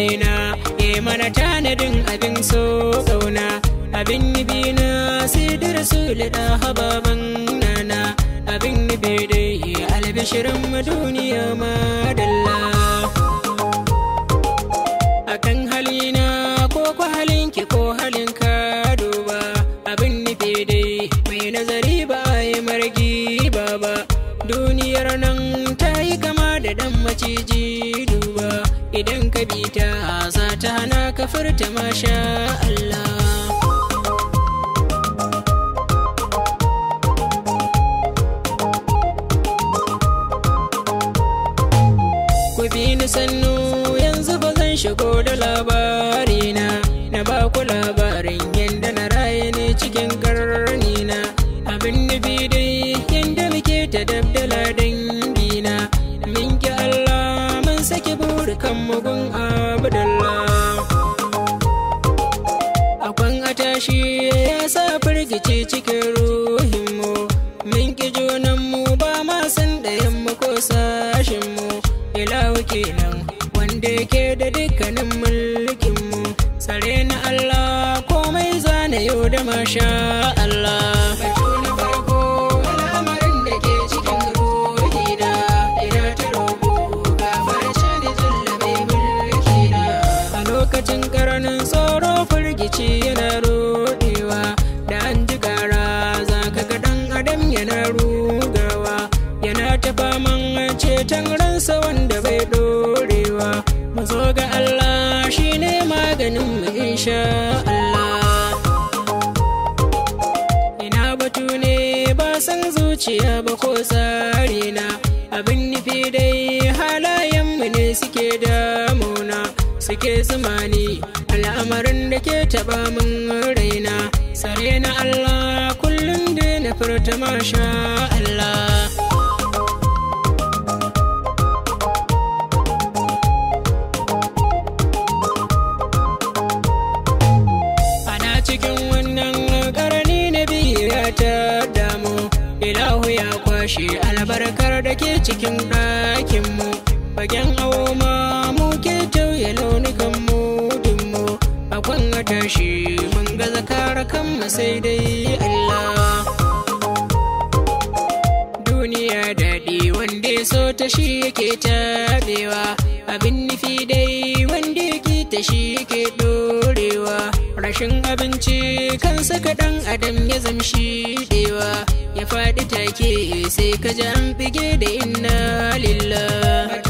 raina e mana tanadin abin so sauna abin yi na sai da rasulu da hababan nana abin yi dai albishirin duniya ma za ta hana ka furta masha Allah ku bi ni sannu yanzu ba zan shigo da labarina na ba ku labarin yadda na raye ne cikin karnina abin nufi dai yadda muke ta dabdala dangina minki Allah mun saki burikan mugun a ruhinmu min ki junanmu ba ma san ɗayanmu ko sashinmu ilahu kenan wanda yake da dukkanin mulkinmu sare na Allah komai zana yau da masha Allah. lokacin karanin tsoro firgici yana rugawa yana ta faman ceton ransa wanda bai dorewa mu zo ga Allah shine maganin mu insha Allah ina batu ne ba san zuciya ba ko tsari na abin nufi dai halayen mu ne suke damuna suke zumani al'amarin da ke taba min raina sare na Allah furta masha Allah cikin wannan karni na ya ta ya kwashe albarkar da ke cikin ɗakinmu fagen awo ma mu ke tauye launukan mudinmu a kwan tashi mun gaza kare kanmu sai dai Allah ta shi yake tabewa abin nufi dai wanda yake ta shi yake dorewa rashin abinci kansa kaɗan adam ya zamshi dewa ya faɗi take sai ka ji an bige da inna lillah